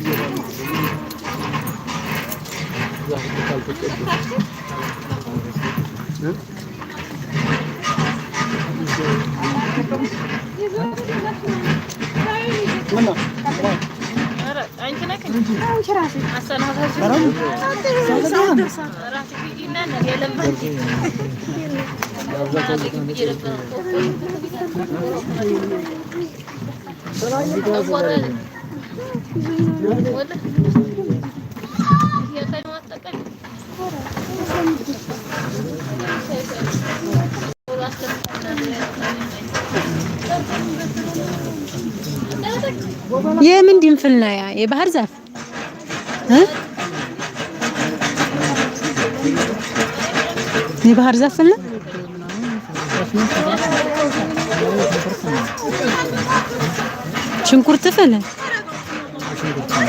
الجيران واحد دخل في القبة عندك የምን ድንፍል ነው? ያ የባህር ዛፍ የባህር ዛፍ ነው። ሽንኩርት ፍል শুরু করছি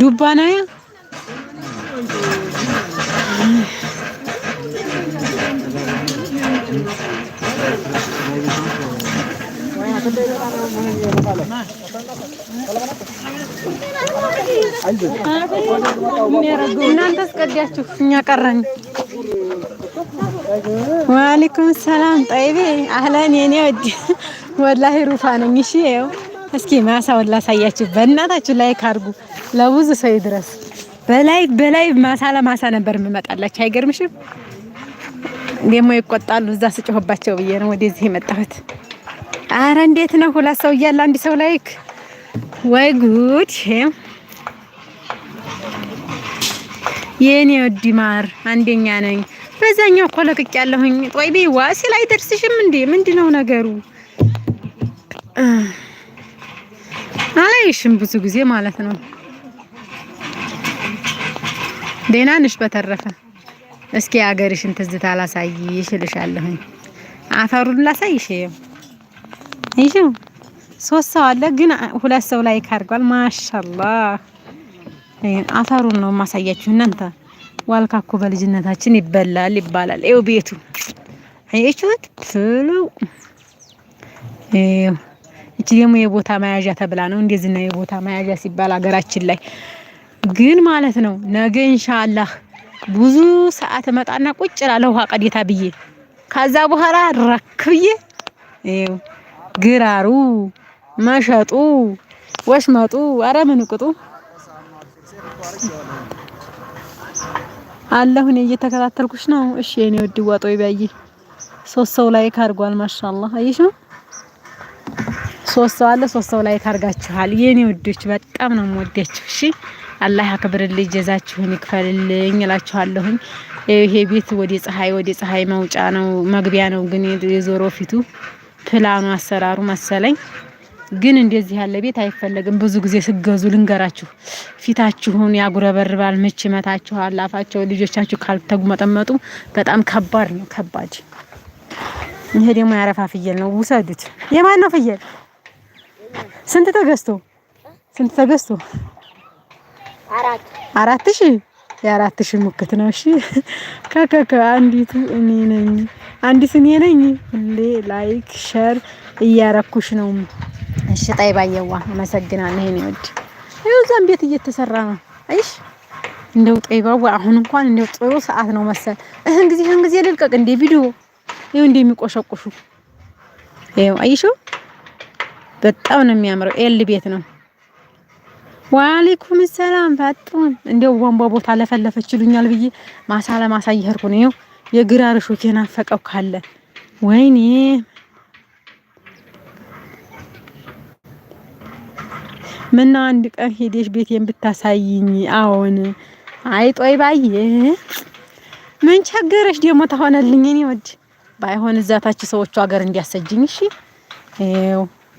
ዱባ ነው እናንተ አስቀዳችሁ፣ እኛ ቀረን። ዋሌኩም ሰላም ጠይቤ አህለን የኔ ወድ ወላሂ ሩፋ ነኝ። እሺ ይኸው እስኪ ማሳውን ላሳያችሁ። በእናታችሁ ላይ ካርጉ ለብዙ ሰው ይድረስ። በላይ በላይ ማሳ ለማሳ ነበር የምመጣላችሁ። አይገርምሽም? ደግሞ ይቆጣሉ። እዛ ስጮህባቸው ብዬ ነው ወደዚህ የመጣሁት። አረ እንዴት ነው? ሁለት ሰው እያለ አንድ ሰው ላይክ። ወይ ጉድ! የኔ ውድ ማር አንደኛ ነኝ። በዛኛው እኮ ለቅቅ ያለሁኝ ጦይቤ ዋሲ ላይ ደርስሽም እንዴ? ምንድን ነው ነገሩ? አላይሽም ብዙ ጊዜ ማለት ነው። ደህና ነሽ? በተረፈ እስኪ አገርሽን ትዝታ ላሳይሽ እልሻለሁኝ። አፈሩን ላሳይሽ ይሄው ሶስት ሰው አለ ግን ሁለት ሰው ላይ ካርጓል። ማሻአላህ አፈሩን ነው ማሳያችሁ እናንተ። ዋልካኮ በልጅነታችን ይበላል ይባላል። ይኸው ቤቱ አያችሁት ፍሉ። እቺ ደግሞ የቦታ መያዣ ተብላ ነው እንደዚህ ነው የቦታ መያዣ ሲባል ሀገራችን ላይ ግን ማለት ነው። ነገ ኢንሻአላህ ብዙ ሰዓት እመጣና ቁጭ እላለሁ ውሃ ቀዴታ ብዬ ከዛ በኋላ ረክ ብዬ ይኸው ግራሩ፣ መሸጡ፣ ወሽመጡ አረ ምን ቁጡ አለሁ እኔ እየተከታተልኩሽ ነው። እሺ የኔ ውድ ዋጦ ይባይ ሶስት ሰው ላይክ አድርጓል። ማሻአላህ አይሽ ነው ሶስት ሰው አለ። ሶስት ሰው ላይክ አድርጋችኋል የኔ ውዶች፣ በጣም ነው የምወዳችሁ። እሺ አላህ ያክብርልኝ፣ ጀዛችሁን ይክፈልልኝ እላችኋለሁኝ። ይሄ ቤት ወደ ፀሐይ ወደ ፀሐይ መውጫ ነው መግቢያ ነው፣ ግን የዞሮ ፊቱ ፕላኑ አሰራሩ መሰለኝ። ግን እንደዚህ ያለ ቤት አይፈለግም። ብዙ ጊዜ ስገዙ ልንገራችሁ፣ ፊታችሁን ያጉረበርባል፣ ምች ይመታችኋል፣ አፋቸው ልጆቻችሁ ካልተጉመጠመጡ በጣም ከባድ ነው። ከባድ ይሄ ደግሞ ያረፋ ፍየል ነው። ውሰዱት። የማን ነው ፍየል? ስንት ተገዝቶ ስንት ተገዝቶ? አራት አራት ሺህ የአራት ሺህ ሙክት ነው። እሺ ከከከ አንዲቱ እኔ ነኝ፣ አንዲት እኔ ነኝ። ሁሌ ላይክ ሸር እያረኩሽ ነው። እሺ ጣይ ባየዋ አመሰግናለሁ። ይሄን ይወድ ይኸው ቤት እየተሰራ ነው። አይሽ እንደው ጣይ ባው አሁን እንኳን እንደው ጥሩ ሰዓት ነው መሰል። እህን ጊዜ እህን ጊዜ ልልቀቅ እንዴ ቪዲዮ ይኸው እንደሚቆሸቁሹ ይኸው አይሽው በጣም ነው የሚያምረው። ኤል ቤት ነው ዋሌኩም ሰላም ፈጡን እንደው ቧንቧ ቦታ ለፈለፈች ይሉኛል ብዬ ማሳ ለማሳ እየሄድኩ ነው። የግራር ሾክ የናፈቀው ካለ ወይኔ ምና አንድ ቀን ሄደሽ ቤቴን ብታሳይኝ። አሁን አይጦይ ባዬ ምን ቸገረሽ ደግሞ ተሆነልኝ። እኔ ወድ ባይሆን እዛታችሁ ሰዎቹ ሀገር እንዲያሰጅኝ እሺ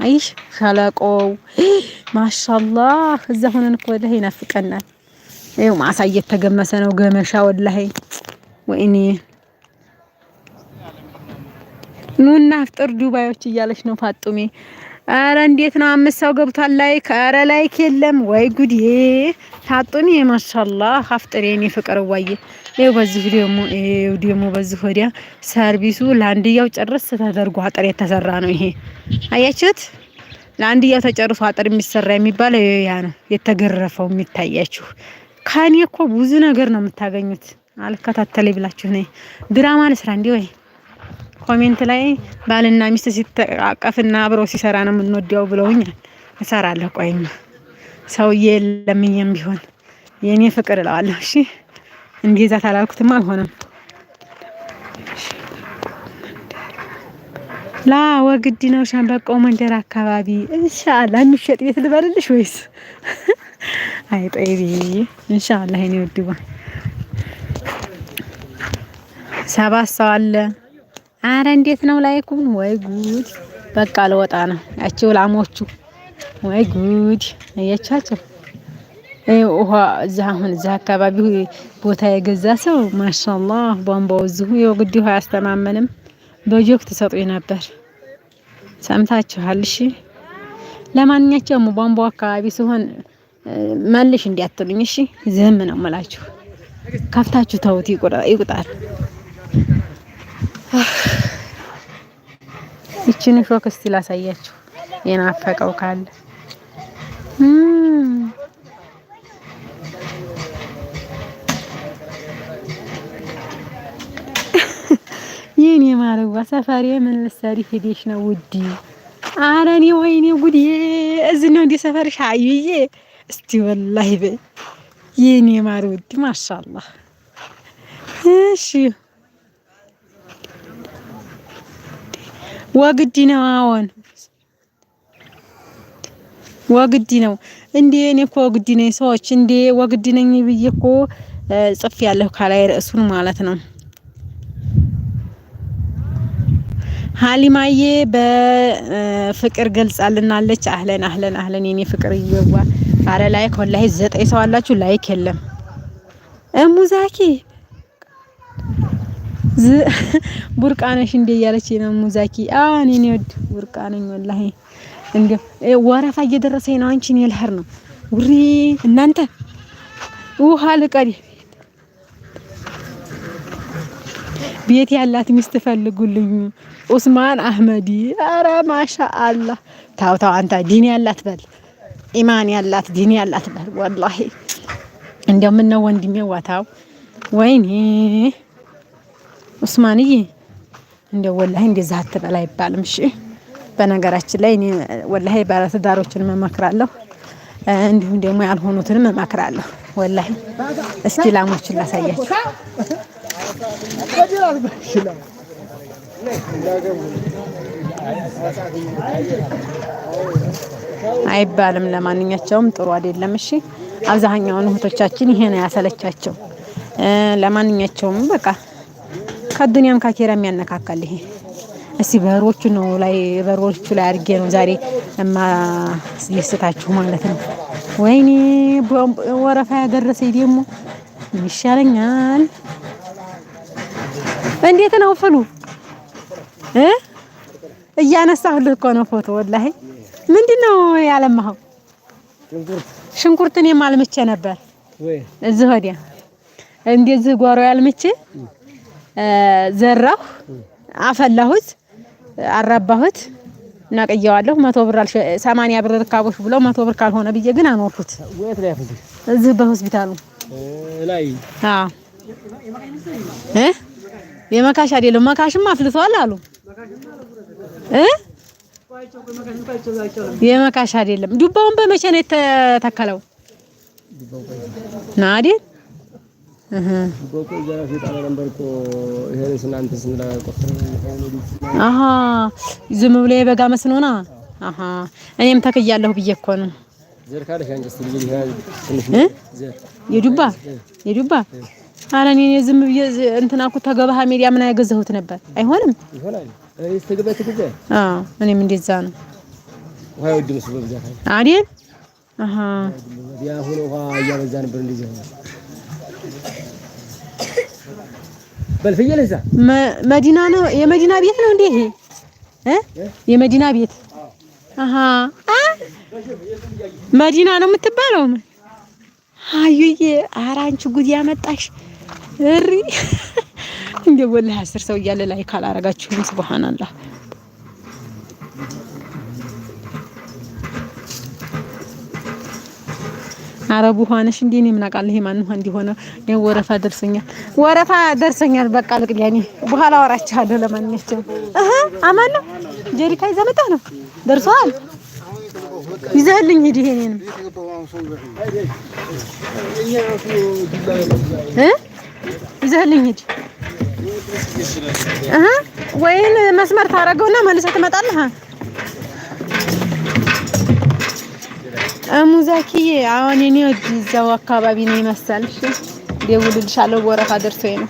አይሽ ሸለቆው ማሻአላህ እዛ ሆነን እኮ ወላሂ ይናፍቀናል። ይኸው ማሳ እየተገመሰ ነው ገመሻ ወላሂ ወይኔ ኑና አፍጥር ዱባዮች እያለች ነው ፋጡሜ። አረ እንዴት ነው አምስት ሰው ገብቷል። ላይክ አረ ላይክ የለም ወይ ጉድ! ፋጡሜ ማሻአላህ አፍጥር የኔ ፍቅር ዋዬ ይኸው በዚሁ ደግሞ ይኸው ደግሞ በዚሁ ወዲያ ሰርቪሱ ለአንድያው ጨርስ ተደርጎ አጥር የተሰራ ነው። ይሄ አያችሁት? ለአንድያው ተጨርሶ አጥር የሚሰራ የሚባለው ያ ነው የተገረፈው። የሚታያችሁ ከኔ እኮ ብዙ ነገር ነው የምታገኙት። አልከታተለኝ ብላችሁ ነው ድራማ ልስራ እንዲህ ወይ ኮሜንት ላይ ባልና ሚስት ሲተቃቀፍና አብረው ሲሰራ ነው የምንወደው ብለውኛል። እሰራለሁ። ቆይማ ሰውዬ የለም ቢሆን የኔ ፍቅር እለዋለሁ። እሺ እንዲይዛት አላልኩትም። አልሆነም። ላ ወግዲ ነው ሻምበቆው መንደር አካባቢ ኢንሻአላህ የሚሸጥ ቤት ልበልልሽ ወይስ? አይ ጠይቢ ኢንሻአላህ እኔ ወድባ ሰባት ሰው አለ። አረ እንዴት ነው ላይኩን? ወይ ጉድ! በቃ ልወጣ ነው። ያቺው ላሞቹ ወይ ጉድ! እያቻቸው ውሃ እዛ አሁን እዛ አካባቢ ቦታ የገዛ ሰው ማሻላ ቧንቧው እዚሁ የወግድ ውሃ አያስተማመንም። በጆክ ትሰጡኝ ነበር። ሰምታችኋል? እሺ። ለማንኛቸውም ቧንቧው አካባቢ ሲሆን መልሽ እንዲያትሉኝ፣ እሺ። ዝም ነው ምላችሁ ከፍታችሁ ተውት፣ ይቁጣል። ይችን ሾክ እስቲ ላሳያችሁ የናፈቀው ካለ አረዋ ሰፈሬ ምን ልትሰሪ ሄደሽ ነው ውዲ? ኧረ እኔ ወይኔ ጉድ እዚህ ነው እንደ ሰፈርሽ አዩዬ? እስቲ ወላሂ በይ የኔ ማር ውዲ፣ ማሻአላ እሺ ወግዲ ነው። አዎን ወግዲ ነው እንዴ? እኔ እኮ ወግዲ ነኝ። ሰዎች እንዴ ወግዲ ነኝ ብዬ እኮ ጽፌያለሁ፣ ከላይ ርዕሱን ማለት ነው። ሀሊማዬ በፍቅር ገልጻልናለች። አህለን አህለን አህለን የኔ ፍቅር እየዋ አረ ላይክ ወላሂ ዘጠኝ ሰው አላችሁ ላይክ የለም። እሙዛኪ ቡርቃነሽ እንዴ እያለች ነው ሙዛኪ። አዎ እኔ ነው ቡርቃነኝ ወላሂ እንዴ ወረፋ እየደረሰኝ ነው። አንቺ ነው ልህር ነው። ውሪ እናንተ ውሃ ልቀሪ ቤት ያላት ሚስት ፈልጉልኝ ኡስማን አህመዲ። አረ ማሻ አላ ታው ታው አንተ ዲን ያላት በል ኢማን ያላት ዲን ያላት በል። ወላሂ ምን ነው ወንድሜ ዋታው። ወይኔ ኡስማንዬ እንደው ወላሂ እንደዛ አትበል አይባልም። እሺ በነገራችን ላይ እኔ ወላሂ ባለትዳሮችን መመክራለሁ እንዲሁም ደግሞ ያልሆኑትንም እመክራለሁ። ወላሂ እስኪ ላሞችን ላሳያቸው አይባልም። ለማንኛቸውም ጥሩ አይደለም። እሺ አብዛኛውን እህቶቻችን ይሄ ነው ያሰለቻቸው። ለማንኛቸውም በቃ ከዱንያም ካኬራ የሚያነካካል ይሄ። እስቲ በሮቹ ነው ላይ በሮቹ ላይ አድርጌ ነው ዛሬ እማ ማለት ነው። ወይኔ ወረፋ ያደረሰኝ ደግሞ ይሻለኛል። እንዴት ነው ፍሉ እ እያነሳሁልህ እኮ ነው ፎቶ። ወላሂ ምንድን ነው ያለማኸው? ሽንኩርት እኔም አልምቼ ነበር እዚህ ወዲያ እንደዚህ ጓሮ ያልምቼ ዘራሁ፣ አፈላሁት፣ አራባሁት እናቀየዋለሁ። መቶ ብር አልሽ 80 ብር ርካቦች ብለው መቶ ብር ካልሆነ ብዬ ግን አኖርኩት እዚህ በሆስፒታሉ ላይ አ እ የመካሽ አይደለም። መካሽም አፍልቷል አሉ እ የመካሽ አይደለም። ዱባውን በመቼ ነው የተተከለው? ናዲ ዝም ብሎ የበጋ መስኖ ሆና አሃ እኔም ተክያለሁ ብዬ እኮ ነው። የዱባ የዱባ አረ እኔ ዝም ብዬ እንትና እኮ ተገባህ ሚዲያ ምን ያገዛሁት ነበር። አይሆንም ይሆናል። እኔስ ተገባ አዎ እኔም እንደዛ ነው። ነው። መዲና ነው የመዲና ቤት ነው እንዴ ይሄ እ የመዲና ቤት መዲና ነው የምትባለው። አዩዬ ኧረ አንቺ ጉድ ያመጣሽ እሪ እንደው ወላሂ አስር ሰው እያለ ላይ አላረጋችሁም? ሱብሃንአላህ አረቡ ሆነሽ እንዴ እኔ ምን አውቃለሁ? ይሄ ማን ነው እንዲሆነ ወረፋ ደርሰኛል፣ ወረፋ ደርሰኛል። በቃ ልቅ ያኔ በኋላ አወራችኋለሁ። ለማንኛውም እህ አማን ነው ጀሪካ ይዘህ መጣህ ነው ደርሷል። ይዘህልኝ ሂድ። እህ ይዘህልኝ ሂድ። እህ ወይን መስመር ታደርገውና መልሰህ ትመጣለህ። አሙዛኪዬ አሁን እኔ እዛው አካባቢ ነው ይመስልሽ? ደውልልሻለሁ። ወረፋ ደርሶኝ ነው።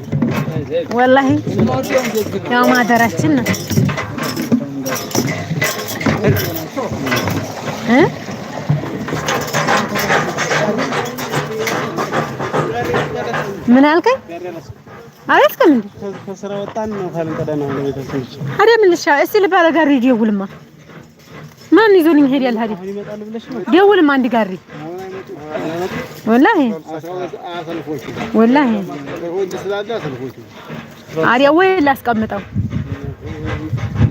ወላሂ ያው ማደራችን ነው ምን አልከኝ? አልያዝክም እንዴ? ከስራ ወጣን ነው ካልንቀደና ወደ ቤተሰቦች ታዲያ ምን ልሻ? እስቲ ልባለ ጋሪ ደውልማ። ማን ይዞልኝ ሄድ ያለ ደውልማ አንድ ጋሪ ወላሂ ወላሂ አሪያ ወይ ላስቀምጠው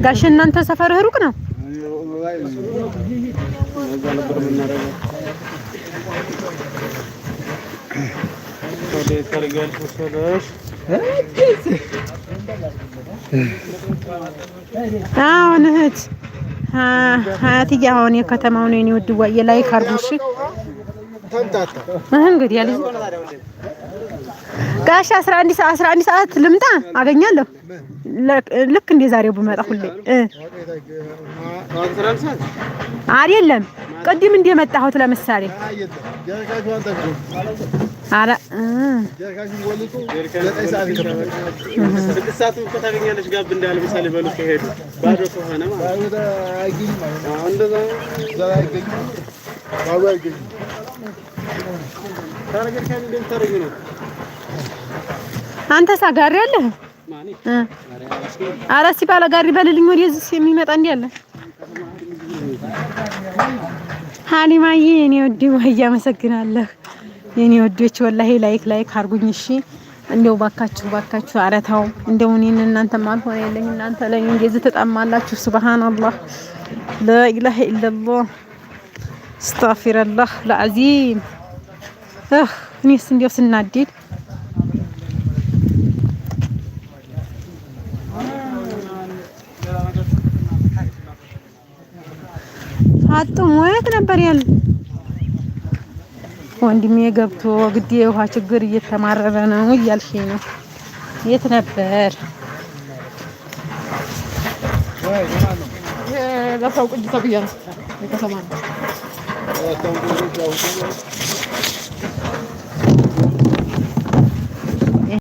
ጋሽ እናንተ ሰፈርህ ሩቅ ነው። አሁን እህት ሀያትዬ አሁን የከተማውን የኔ ውድዋዬ ላይ ካርጉሽ እንግዲህ ያለ ጋሽ 11 ሰዓት 11 ሰዓት ልምጣ አገኛለሁ። ልክ እንደ ዛሬው ብመጣ ሁሌ አይደለም። ቅድም መጣሁት ለምሳሌ አረ ጋብ አንተ ሳ ጋሪ አለ። ኧረ እስኪ ባለ ጋሪ በልልኝ። እዚህ የሚመጣ እንዲህ አለ። ሀሊማዬ የኔ ወዲ ወይ አመሰግናለሁ። የኔ ወዶች ወላሂ ላይክ ላይክ አርጉኝ እሺ። እንደው ባካችሁ ባካችሁ፣ ኧረ ተው እንደው እኔን እናንተማ አልሆነ የለኝ እናንተ ላይ እንደዚህ ተጣማላችሁ። ሱብሃንአላህ ላ ኢላሀ ኢለላህ አስተግፊረላህ ለአዚም እኔስ እንዲያው ስናደድ አጡ ሞየት ነበር ያለ ወንድሜ ገብቶ ግዴ ውሃ ችግር እየተማረረ ነው እያልሽኝ ነው። የት ነበር ወይ?